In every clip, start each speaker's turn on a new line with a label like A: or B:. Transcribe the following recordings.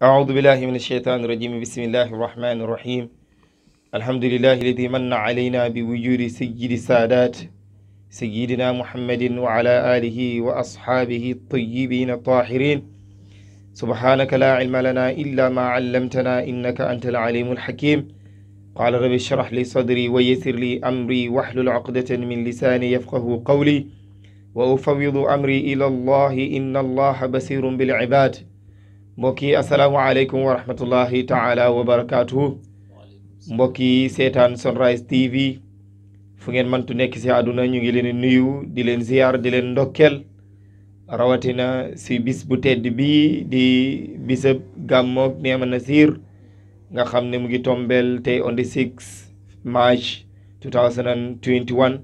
A: أعوذ بالله من الشيطان الرجيم بسم الله الرحمن الرحيم الحمد لله الذي من علينا بوجود سيد السادات سيدنا محمد وعلى آله وأصحابه الطيبين الطاهرين سبحانك لا علم لنا إلا ما علمتنا إنك أنت العليم الحكيم قال رب اشرح لي صدري ويسر لي أمري واحلل عقدة من لساني يفقه قولي وأفوض أمري إلى الله إن الله بصير بالعباد mbokk yi asalaamualeykum wa rahmatullahi taala wa barakaatuhu yi seetaan Sunrise TV fu ngeen mëntu nekk si àdduna ñu ngi leen nuyu di leen ziyaar di leen ndokkel rawatina si bis bu tedd bi di bisab gàmmoog Nema Nazir nga xam ne mu ngi tombeel tey on the 6 March 2021 euh,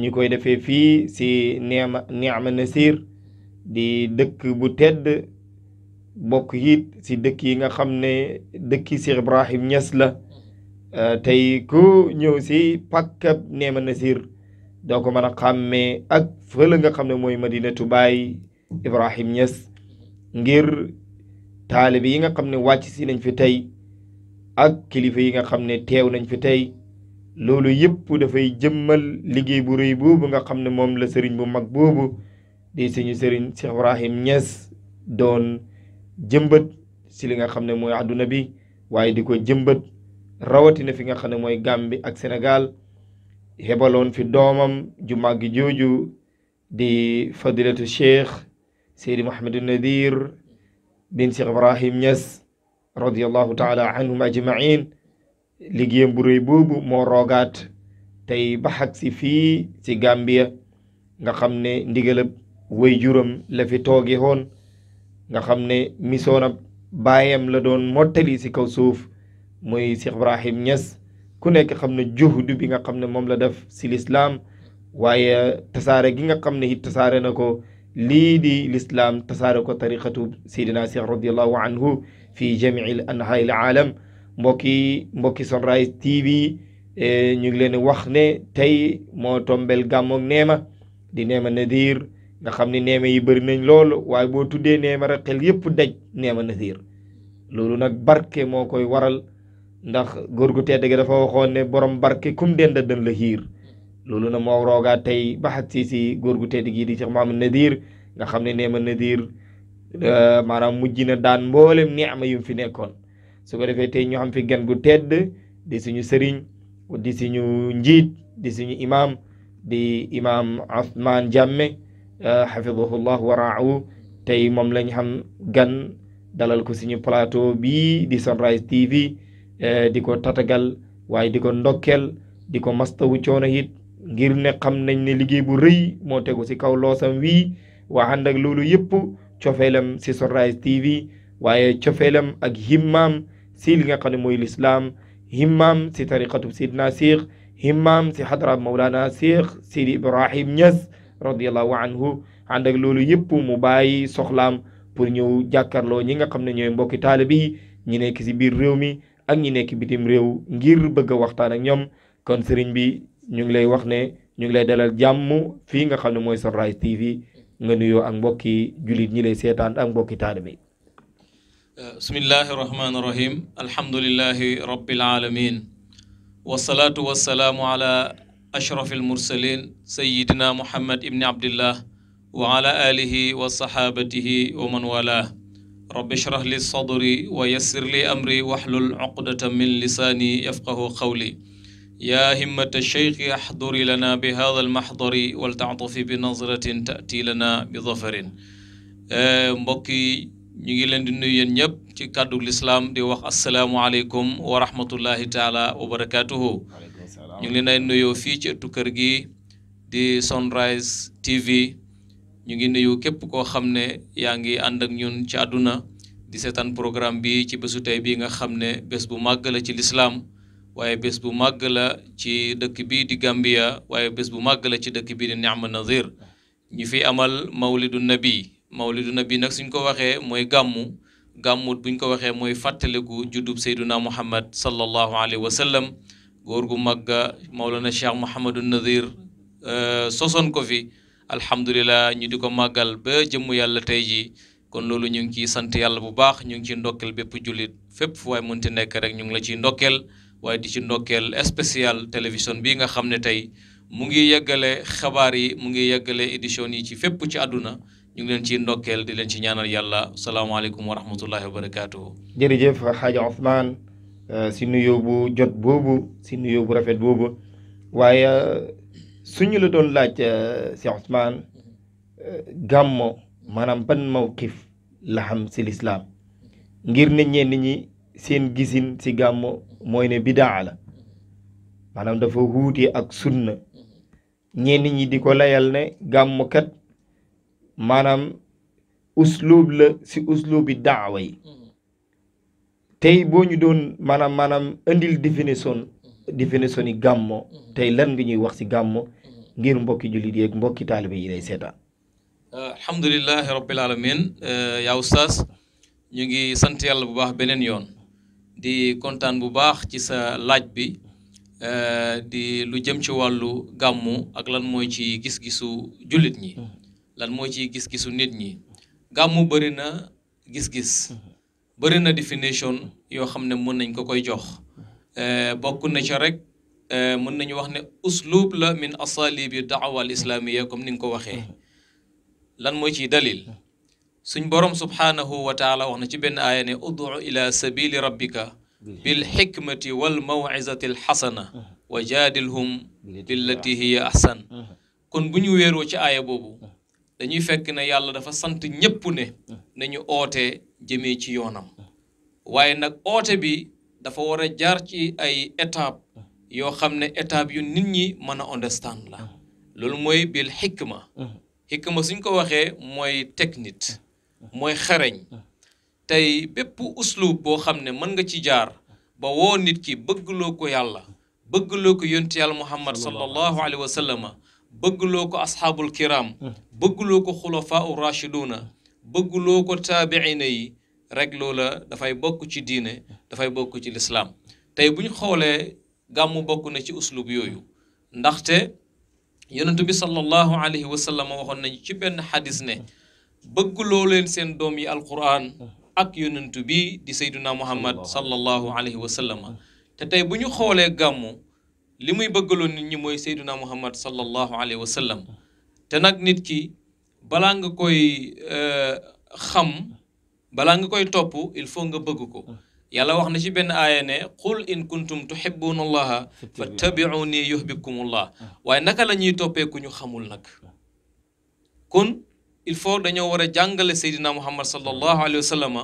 A: ñu koy defee fii si Nema Nema di dëkk bu tedd bokk yit si dëkk yi nga xam ne dëkki Cheikh Ibrahim Niass la mhm. euh, tey ku ñëw ci pàkkab Neema Nasir doo ko mën a me ak fële nga xam ne mooy Madinatu Baay Ibrahim Niass ngir taalibe yi nga xam ne wàcc si nañ fi tey ak kilifa yi nga xam ne teew nañ fi tey loolu yëpp dafay jëmmal liggéey bu rëy boobu nga xam ne moom la sëriñ bu mag boobu di suñu sëriñ Cheikh Ibrahim Niass doon jëmbat si li nga xam ne mooy àdduna bi waaye di ko jëmbat rawatina fi nga xam ne mooy Gàmbi ak Sénégal hebaloon fi doomam ju màgg jooju di fadilatu cheikh Seydi Mouhamadou Nadir bin Cheikh Ibrahim Niass radiallahu taala anhum ajmain liggéeyam bu réy boobu moo roogaat tey baxag si fii si Gambia nga xam ne ndigalab way juram la fi tooge woon nga xam ne mission ab baayam la doon mottali si kaw suuf muy Cheikh Ibrahim Niass ku nekk xam ne juhdu bi nga xam ne moom la def si lislaam waaye tasaare gi nga xam ne it tasaare na ko lii di lislaam tasaare ko tariqatu Seydina Cheikh radiallahu anhu fi jamii anhaai l aalam mbokki mbokki Sunrise TV eh, ñu ngi leen wax ne tey moo tombel gàmmoog neema di neema nadir nga xam ne neeme yi bëri nañ lool waaye boo tuddee neeme rek xel yëpp daj neema nasiir loolu nag barke moo koy waral ndax góor gu tedd gi dafa waxoon ne borom barke kum denda dañ la xiir loolu na moo roogaa tey baxat si si góor gu tedd gii di Cheikh Mahamad Nadir nga xam ne neema Nadir euh, maanaam mujj na daan mboolem neema yu fi nekkoon su ko defee tey ñu xam fi gu tedd di suñu sëriñ di njiit di suñu imaam di imaam Ousmane Jammeh xafidahu euh, llah waraahu tey moom lañ xam gan dalal ko suñu plateau bii di Sunrise TV euh, di ko tatagal waaye di ko ndokkeel di ko mastawu coono it ngir ne xam nañ ne liggéey bu rëy moo tegu si kaw loosam wii waa ànd ak loolu yëpp cofeelam si Sunrise TV waaye cofeelam ak himmaam si li nga xam ne mooy lislaam himmaam ci tariqatu Sidna Cheikh himmaam ci xadra Mawlana Cheikh Sidi Ibrahim Niass radiallahu anhu ànd ak loolu yëpp mu bàyyi soxlaam pour ñëw jàkkaarloo ñi nga xam ne ñooy mbokki taalibe yi ñi nekk si biir réew mi ak ñi nekk bitim réew ngir bëgg a waxtaan ak ñoom kon sëriñ bi ñu ngi lay wax ne ñu ngi lay dalal jàmm fii nga xam ne mooy Sunrise TV nga nuyoo ak mbokki jullit ñi lay seetaan ak mbokki taalibe yi
B: bismillahi rahmaani rahim alhamdulillahi rabbil alamin wasalaatu wasalaamu ala أشرف المرسلين سيدنا محمد ابن عبد الله وعلى آله وصحابته ومن والاه رب اشرح لي صدري ويسر لي أمري واحلل عقدة من لساني يفقه قولي يا همة الشيخ احضري لنا بهذا المحضر ولتعطف بنظرة تأتي لنا بظفر آه، مبكي ñu ngi leen di nuyu yéen ñëpp ci kàddu lislaam di wax asalaamualeykum wa rahmatullahi taala ñu ngi leen nuyoo fii ci ëttu kër gi di Sunrise TV ñu ngi nuyu képp koo xam ne yaa ngi ànd ak ñun ci àdduna di seetaan programme bi ci bésu tey bii nga xam ne bés bu màgg la ci lislaam waaye bés bu màgg la ci dëkk bii di Gambia waaye bés bu màgg la ci dëkk bii di Niama Nazir ñu fi amal mawlidu nabi mawlidu nabi nag suñ ko waxee mooy gàmmu gàmmut buñ ko waxee mooy fàttaliku juddub Seyduna Muhammad sallallahu alayhi wa sallam góor gu màgga Mawlana Cheikh Mouhamadou Nazir euh, sosoon ko fi alhamdulilah ñu di ko màggal ba jëmm yàlla tey ji kon loolu ñu ngi ciy sant yàlla bu baax ñu ngi ciy ndokkel bépp jullit fépp fu waay mënti nekk rek ñu ngi la ciy ndokkel waaye di ci ndokkel spécial télévision bii nga xam ne tey mu ngi yeggale xabaar yi mu ngi yeggale édition yi ci fépp ci àdduna ñu ngi leen ci ndokkel di leen ci ñaanal yàlla salaamaaleykum wa rahmatullahi wa barakaatu.
A: Euh, si nuyoo bu jot boobu si nuyoo bu rafet boobu waaye euh, suñu la doon laaj si euh, Ousmane gàmmo maanaam ban mawqif la xam si lislaam ngir ne ñenn ñi seen gisin si gàmmoo mooy ne bidaa la maanaam dafa wuute ak sunna ñenn ñi di ko layal ne gàmmokat maanaam uslub la si uslubi daawa yi tey boo ñu doon maanaam maanaam indil définition définition yi gàmmo tey lan nga ñuy wax si gàmmu ngir mbokki jullit yeeg mbokki taalibe yi lay seetaan
B: euh, alhamdulilahi rabbil alamin euh, yaa oustaz ñu ngi sant yàlla bu baax beneen yoon di kontaan bu baax ci sa laaj bi euh, di lu jëm ci wàllu gàmmu ak lan mooy ci gis-gisu jullit ñi mm-hmm. lan mooy ci gis-gisu nit ñi gàmmu bëri gis-gis mm-hmm. bari na définition yo xamne mën nañ ko koy jox euh bokku na ci rek euh mën nañ wax ne uslub la min asalibi da'wa al islamiyya kom ni ko waxe lan moy ci dalil suñ borom subhanahu wa taala wax na ci ben aya ne udu ila sabili rabbika bil hikmati wal mawizati al hasana wa jaadilhum billati hiya ahsan kon buñu wéro ci aya bobu dañuy fekk ne yàlla dafa sante ñépp ne nañu oté jëmee ci yoonam waaye nag oote bi dafa war a jaar ci ay étape yoo xam ne étape yu nit ñi mën a understand la loolu mooy bil xikma xikma suñ ko waxee mooy technique mooy xereñ tey bépp uslub boo xam ne mën nga ci jaar ba woo nit ki bëgguloo ko yàlla bëgguloo ko yonti yàlla muhammad sallallahu alayhi wa sallama ko asxaabul kiram bëgguloo ko xulafaa u rashiduna bëgguloo ko taabiina yi rek loola dafay bokk ci diine dafay bokk ci lislaam tey bu ñu xoolee gàmmu bokk na ci uslub yooyu ndaxte yonentu bi sallallahu alayhi wa sallam waxoon nañu ci benn xadis ne bëgguloo leen seen doom yi alquran ak yonentu bi di sayduna muhammad sallallahu alayhi wa sallam te tey bu ñu xoolee gàmmu li muy bëggaloo nit ñi mooy sayduna muhammad sallallahu alayhi wa sallam te nag nit ki balaa nga koy xam balaa nga koy topp il faut nga bëgg ko yàlla wax na ci benn aaya ne qul in kuntum tuhibbuna allaha fattabi'uni yuhibbukumullah waaye naka la ñuy toppee ku ñu xamul nag kon il faut dañoo war a jàngale seydina muhammad sallallahu alayhi wa sallam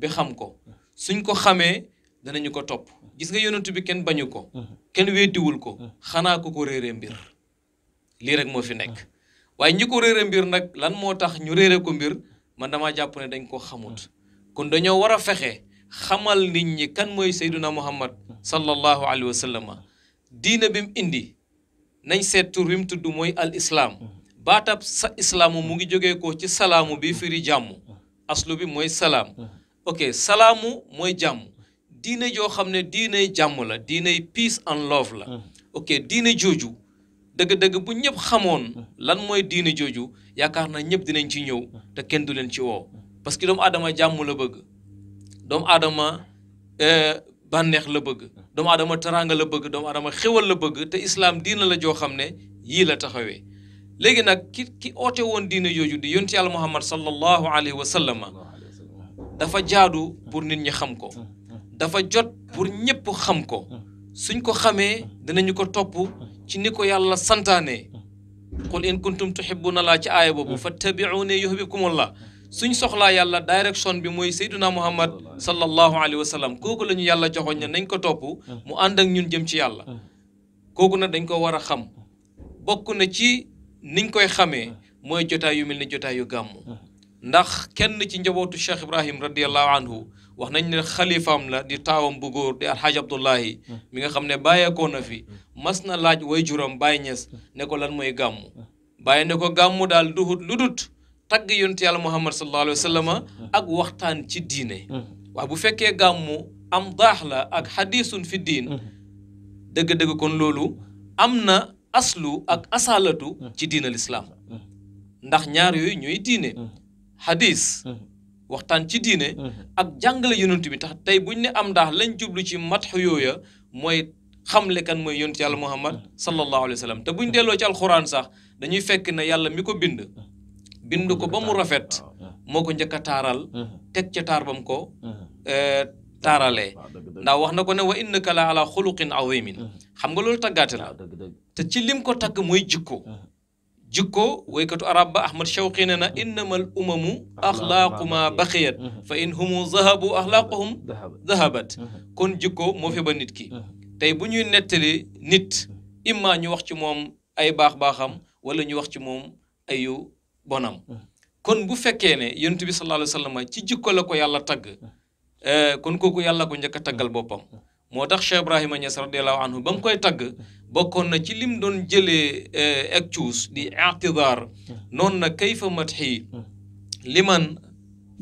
B: bi xam ko suñ ko xamee danañu ko topp gis nga yonentu bi kenn bañu ko kenn weddiwul ko xanaa ko ko réeree mbir lii rek moo fi nekk waaye ñi ko réere mbir nag lan moo tax ñu réere ko mbir man damaa jàpp ne dañ ko xamut kon dañoo war a fexe xamal nit ñi kan mooy sayduna muhammad sallallahu alayhi wa diina bi mu indi nañ seet bi mu tudd mooy al baatab sa mu ngi jóge ko ci salaamu bi fiiri jàmm aslu bi mooy salaam ok salaamu mooy jàmm diine joo xam ne diiney jàmm la diiney peace and love la hmm. ok diine jooju dëgg-dëgg bu ñëpp xamoon mm. lan mooy diine jooju yaakaar na ñëpp dinañ ci ñëw mm. te kenn du leen ci woo mm. parce que doomu aadama jàmm la bëgg doomu aadama euh, bànneex la bëgg doomu adama teraanga la bëgg doomu aadama xéwal la bëgg te islaam diina la joo xam ne yii la taxawee léegi nag ki ki oote woon diine jooju di yonti yàlla muhammad sallallahu alayhi wa sallam dafa jaadu pour nit ñi xam ko dafa jot pour ñëpp xam ko suñ ko xamee danañu ko topp ci ni ko yàlla santaane qul in kuntum na laa ci aaya boobu fattabi'uni la suñ soxlaa yàlla direction bi mooy sayduna muhammad sallallahu alayhi wa sallam kooku lañu yàlla joxoñ ne nañ ko topp mu ànd ak ñun jëm ci yàlla kooku nag dañ ko war a xam bokk na ci niñ koy xamee mooy jotaay yu mel ni jotaay yu gàmmu ndax kenn ci njabootu cheikh ibrahim radiallahu anhu wax nañ ne xalifaam la di taawam bu góor di alxaaj abdullahi mi nga xam ne bàyyeekoo na fi mas na laaj way juróom Baay Ñas ne ko lan mooy gàmmu bàyyi ne ko gàmmu daal lu ludut tagg yonent yàlla muhammad sallallahu alayhi wa ak waxtaan ci diine waaw bu fekkee gàmmu am daax la ak xadisun fi diin dëgg-dëgg kon loolu am na aslu ak asaalatu ci diinal islaam ndax ñaar yooyu ñooy diine xadis waxtaan ci diine. Mhm. ak jàngale yonent bi tax tey buñ ne am ndax lañ jublu ci matx yooya mooy xamle kan mooy yonent yàlla muhammad mhm. sallallahu alayhi wa sallam te buñ delloo ci alxuraan sax dañuy fekk ne yàlla mi ko bind. Mhm. bind ko ba mu rafet. moo ko njëkk a taaral. teg ca taar bam ko. Eh, taaralee ndax wax na ko ne wa innaka la ala xuluqin azimin xam nga loolu tàggaate la te ci lim ko tagg mooy jikko jikko waykatu arab ba ahmad shawqi ne na innamal umamu axlaaquma baqiyat fa in humu zahabu axlaaquhum zahabat kon jikko moo fi ba nit ki tey bu ñuy nettali nit imma ñu wax ci moom ay baax-baaxam wala ñu wax ci moom ayu bonam kon bu fekkee ne yonent bi sallallahu alayhi wa sallam ci jikko la ko yàlla tagg eh, kon kooku yàlla ko njëkk a taggal boppam moo tax Cheikh Ibrahima Niass radiallahu anhu koy tagg bokkoon na ci lim doon jëlee ekcuus di ictidaar noon na kayfa matxi liman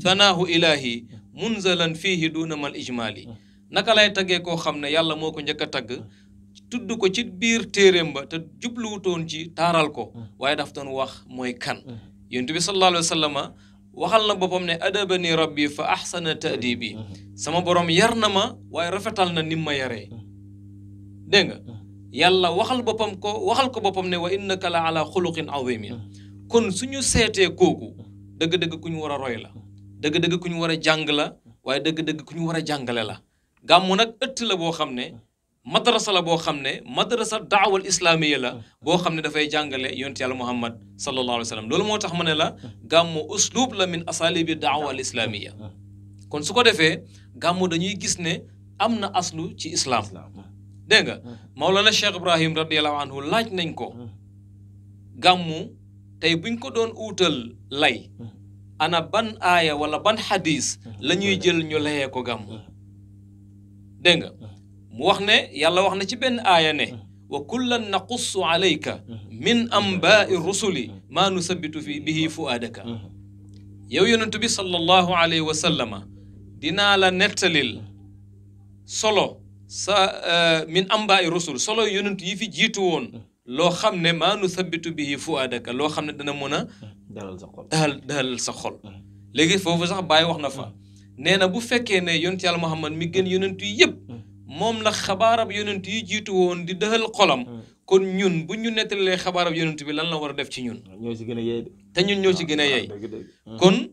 B: sanaahu ilahi munzalan fiihi duuna mal ijmaali naka lay taggee koo xam ne yàlla moo ko njëkk a tagg tudd ko ci biir téeréem ba te jubluwutoon ci taaral ko waaye daf doon wax mooy kan yonent bi sallallahu alayhi wa sallama waxal na boppam ne adabani rabbi fa ahsana taadibi sama borom yar na ma waaye rafetal na nim ma yaree dégg nga yàlla waxal boppam ko waxal ko boppam ne wa innaka la ala xuluqin azim hmm. kon suñu seetee kooku dëgg-dëgg ku ñu war a roy la dëgg-dëgg ku ñu war a jàng la waaye dëgg-dëgg ku ñu war a jàngale la gàmmu nag ëtt la boo xam ne hmm. madrasa la boo xam ne madrasa daawal islaamiya la hmm. boo xam ne dafay jàngale yonent yàlla muhammad sallallahu alayhi wa sallam loolu moo tax ma ne la gàmmu uslub la min asalibi daawa al islaamiya kon su ko defee gàmmu dañuy gis ne am na aslu ci islam dégg nga Maolana Cheikh Ibrahim radiallahu anhu laaj nañ ko gàmmu tey buñ ko doon uutal lay ana ban aaya wala ban xadis la ñuy jël ñu layee ko gàmmu dégg nga mu wax ne yàlla wax na ci benn aaya ne wa kullan naqussu alayka min ambaai rusuli maa nusabitu fi bihi fuaadaka yow yonent bi sallallahu alayhi wa sallama dinaa la nettalil solo sa eh, min ambaay rusul solo yonent yi fi jiitu woon loo xam ne maa nu sabitu bihi fuadaka loo xam ne dana mën a daal daal sa xol mm-hmm. léegi foofu sax bàyyi wax na fa mm-hmm. nee na bu fekkee ne yonent yàlla Muhammad mi gën yonent yi yëpp mm-hmm. moom la xabaarab yonent yi jiitu woon di dëxal xolam kon ñun bu ñu nettalee xabaarab yonent bi lan la war a def ci ñun ah, ñoo ci gën a yeey te ñun ñoo ci gën a ah, yeey kon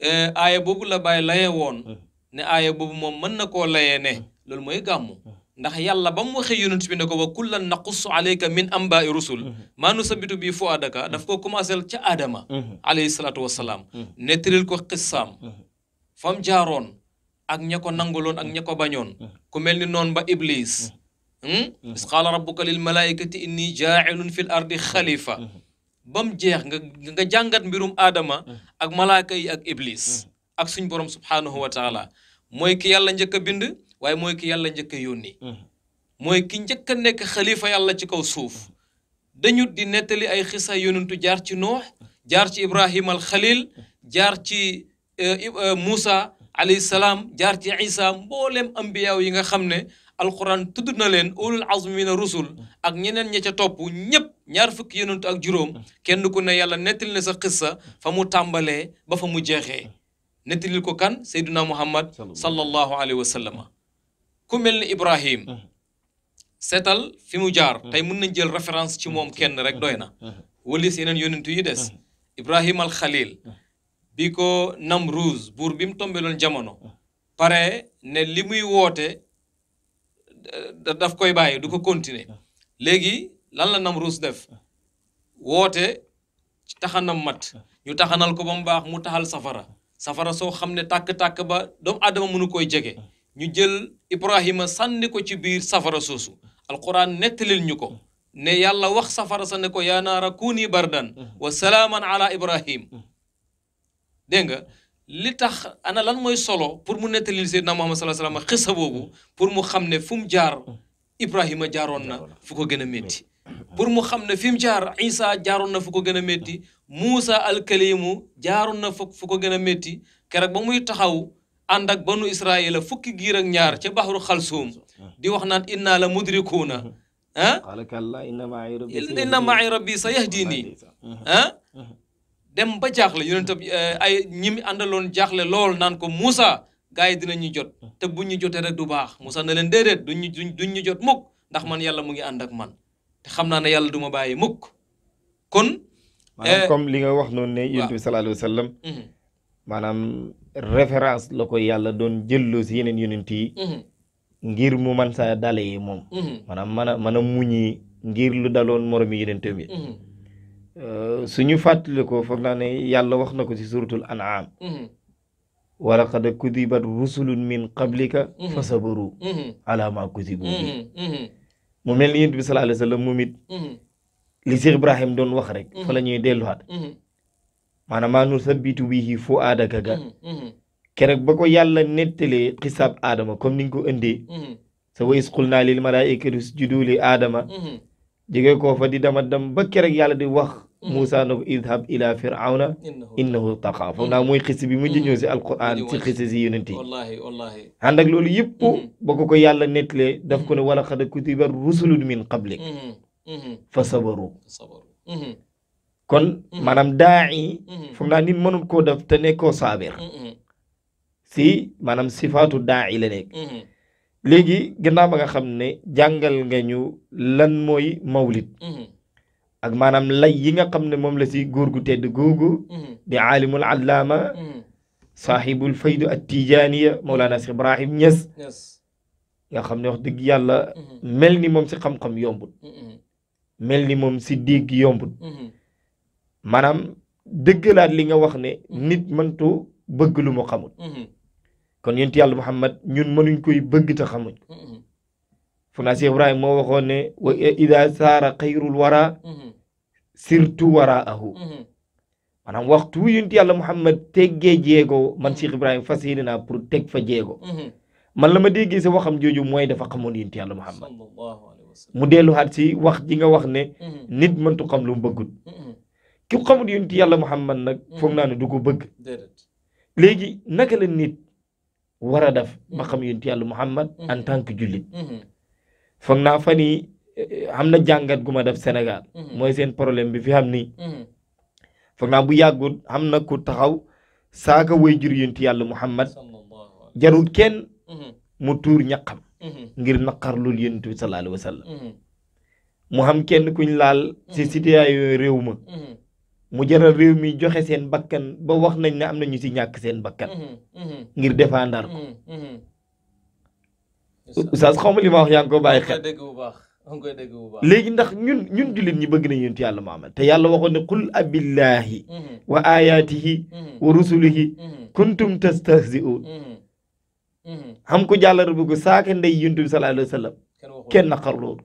B: eh, aaya boobu la baay laye woon ne aaya boobu moom mën na koo layee ne loolu moy gamu ndax yalla bam waxe yonent bi ne wa kullan naqussu alayka min ambai rusul maa nu sabitu bii fu daf ko commencer ca adama alayhi salatu wassalam netril ko qissam fam jaron ak ñako nangulon ak ñako bañon ku melni non ba iblis hmm? is qaala rabbuka lil malaikati inni ja'ilun fil ardi khalifa bam jeex nga nga jàngat mbirum adama ak malaika yi ak iblis ak suñ borom subhanahu wa taala moy ki yalla njëkk bind waaye mooy ki yàlla njëkk a yónni hmm. mooy ki njëkk a nekk xalifa yàlla ci kaw suuf hmm. dañu di nettali ay xisa yonentu jaar ci noox jaar ci ibrahim al xalil jaar ci eh, eh, Moussa alayhi salaam jaar ci isa mboolem ambiyaaw yi nga xam ne alquran tudd na leen ulul azmi mina rusul hmm. ak ñeneen ña ca topp ñëpp ñaar fukki yonentu ak juróom kenn ku ne yàlla nettali na sa xissa fa mu tàmbalee ba fa mu jeexee nettalil ko kan sayduna muhammad sallallahu alayhi wa sallama ku mel ni Ibrahim seetal fi mu jaar tey mën nañ jël référence ci moom kenn rek doy na walis yeneen yonent yu des Ibrahim al Khalil bi ko nam Namruz buur bi mu tombeloon jamono pare ne li muy woote daf koy bàyyi du ko continuer léegi lan la Namruz def woote taxanam mat ñu taxanal ko ba mu baax mu taxal safara safara soo xam ne tàkk-tàkk ba doom aadama mënu koy jege ñu jël Ibrahima sànni ko ci biir safara soosu alquran nettalil ñu ko ne yàlla wax safara sa ne ko yaa naara kuuni bardan wa salaaman ala Ibrahim dégg nga li tax ana lan mooy solo pour mu nettalil Seydina Muhammad sallallahu alayhi wasallam xisa boobu pour mu xam ne fu mu jaar Ibrahima jaaroon na fu ko gën a métti pour mu xam ne fi mu jaar Isa jaaroon na fu ko gën a métti Muusa alkalimu jaaroon na fu ko gën a métti keroog ba muy taxaw ànd ak banu israila fukki giir ak ñaar ca baxru xalsuum di wax naan inna la mudrikuuna ah inna ma'i rabbi sa yahdini ah dem ba jaaxle yonent bi eh, ay ñi mi àndaloon jaaxle lool naan ko Moussa gars yi ñi jot te bu ñu jotee rek du baax Moussa na leen déedéet du duñ ñu jot mukk ndax man yàlla mu ngi ànd ak man te xam naa ne yàlla du ma bàyyi mukk kon maanaam
A: eh, li nga wax noonu ne yonent bi sallallahu alayhi référence la ko yàlla doon jëlloo si yeneen yonent yi mhm. ngir mu man sa dale yi moom mhm. maanaam man a man a ngir lu daloon moromi yonentam mhm.
C: yi euh, suñu
A: fàttali ko foog naa ne yàlla wax na ko si suratul an'am wa laqad kudibat rusulun min qablika fa sabaru ala ma kudibu mu mel ni bi sallallahu alayhi wa li Cheikh Ibrahim doon wax rek fa la ñuy delluwaat maanaam nusabbitu bihi fuaadaka ga mm-hmm, mm-hmm. keroog ba ko yàlla nettalee xisaab aadama comme niñ ko indee mm-hmm. sa wa isqul naa lil malaa'ikati usjudu li aadama jege ko fa di dama dem ba keroog yàlla di wax Moussa na ko idhab ila firawna innahu taqa foog naa mooy xis bi mujj ñëw si alquran si xis si yonent yi ànd ak ba ko ko yàlla nettalee daf ko wala xad kutiba rusulun min qablik fa sabaru kon mm-hmm. maanaam daa'i mm-hmm. foog naa nit mënul koo def te nekkoo saabir mm-hmm. si maanaam sifaatu daa'i la nekk léegi gannaaw ba nga xam ne jàngal nga ñu lan mooy mawlid ak maanaam lay yi nga xam ne moom la si góor gu tedd googu di aalimul allaama saaxibul faydu at tijaaniya Mawlana Cheikh Ibrahim Niass nga xam ne wax dëgg yàlla mel ni moom si xam-xam yombut mel ni moom si dégg yombut maanaam dëggalaat li nga wax ne mm-hmm. nit mëntu bëgg lu mu xamul mm-hmm. kon yonent yàlla muhammad ñun mënuñ koy bëgg te xamuñ mm-hmm. fu naa si ibrahima moo waxoon ne wa ida saara xayrul wara sirtu waraahu maanaam waxtu yonent yàlla muhammad teggee jéego man Cheikh Ibrahima fas yéene naa pour teg fa jéego man la ma déggee sa waxam jooju mooy dafa xamoon yonent yàlla muhammad mu delluwaat si wax ji nga wax ne nit mëntu xam lu mu ki xamul yonent yàlla mm-hmm. Muhammad nag mm-hmm. foog naa ne du ko bëgg léegi naka la nit war a def mm-hmm. ba xam yonent yàlla Muhammad en tant jullit foog naa fan yi eh, am na jàngat gu ma def Sénégal mooy seen problème bi fi xam nii foog naa bu yàggul am na ku saaka saaga waajur yonent yàlla Muhammad jarul kenn mu tuur ñaqam ngir naqar lul yonent bi sallallahu alayhi wa sallam mu xam kenn kuñ laal si cité yooyu ma mu jaral réew mi joxe seen bakkan ba wax nañ ne am na ñu ci ñàkk seen bakkan. Mm-hmm, mm-hmm. ngir défendar ko. Mm-hmm, oustaz xaw ma li ma wax yaa ko bàyyi xel. léegi ndax ñun ñun jullit ñi bëgg nañ yonentu yàlla Muhammad te yàlla waxoon ne kul abillahi wa ayatihi wa rusulihi kuntum tastahzi'un xam ko jàllar bëgg saaka ndey yonent bi sallallahu kenn naqarloon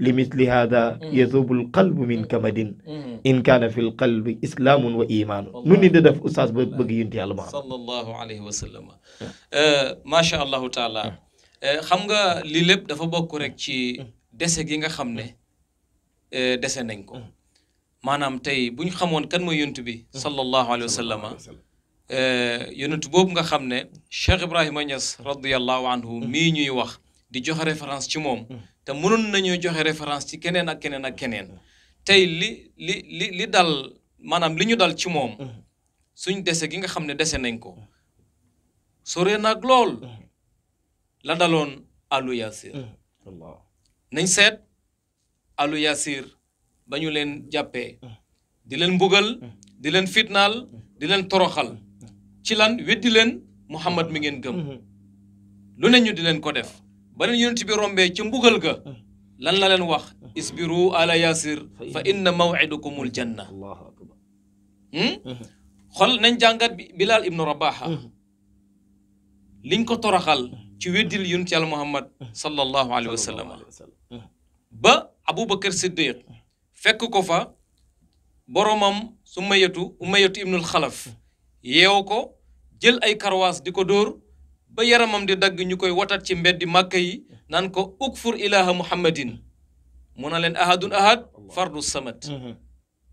A: li misli hada mm. yadhubu alqalbu min kamadin mm. in kaana fi lqalbi islaamun wa imaanu nu ni da def oustaz ba bëgg yénti yàlla ma
B: xam sallallahu eh, macha allahu taala eh, xam nga li lépp dafa bokk rek ci mm. dese gi nga xam ne eh, dese nañ ko maanaam tey bu ñu xamoon kan mooy yonent bi sallallahu alayhi wa sallam yonent boobu nga xam ne Cheikh Ibrahima Niass radiyallahu anhu ñuy wax di joxe référence ci moom te mënul nañu joxe référence ci keneen ak keneen ak keneen tey li li li li dal maanaam li ñu dal ci moom mm-hmm. suñ dese ki nga xam ne dese nañ ko sore nag lool mm-hmm. la daloon alu yasir mm-hmm. nañ seet alu yasir ba ñu leen jàppee di leen mbugal di leen fitnaal di leen toroxal ci lan weddi leen muhammad mi ngeen gëm lu ne ñu di leen ko def بان يونت بي رومبي تي مبوغال غا لان لا لين واخ اسبيرو على ياسر فان موعدكم الجنه الله اكبر هم خول نانجانغات بلال ابن رباح لين كو توراخال تي ويديل يونت يال محمد صلى الله عليه وسلم با ابو بكر الصديق فك كوفا بروم سميتو اميتو ابن الخلف ييوكو جيل اي كرواس ديكو دور ba yaramam di dag ñukoy watat ci mbeddi màkka yi ko ukfur ilaha muhammadin mu len ahadun ahad fardus samad mhm.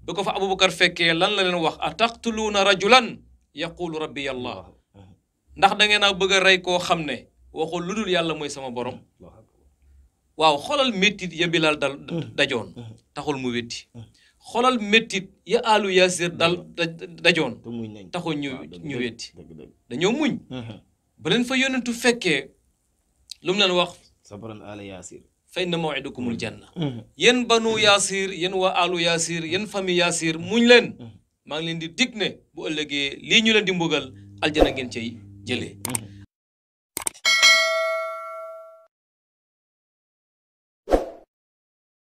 B: bu ko fa abubakar fekke lan la len wax ataqtuluna rajulan yaqulu rabbi allah ndax da ngeen a bëgg ray ko xamne yalla moy sama borom waaw xolal metit ya bilal dal mhm. dajon mhm. taxul mu wetti xolal metit ya alu yasir dal dajon taxo ñu ñu wetti dañu muñ ba leen fa yónentu fekkee lu mu leen wax sabran ala yaasir fa inna mawidukumul janna mm-hmm. Mm-hmm. yéen banu yaasir yéen waa alu yaasir yéen famille yaasir muñ leen mm-hmm. maa ngi leen di dig ne bu ëllëgee lii ñu leen di mbugal aljana ngeen cay jëlee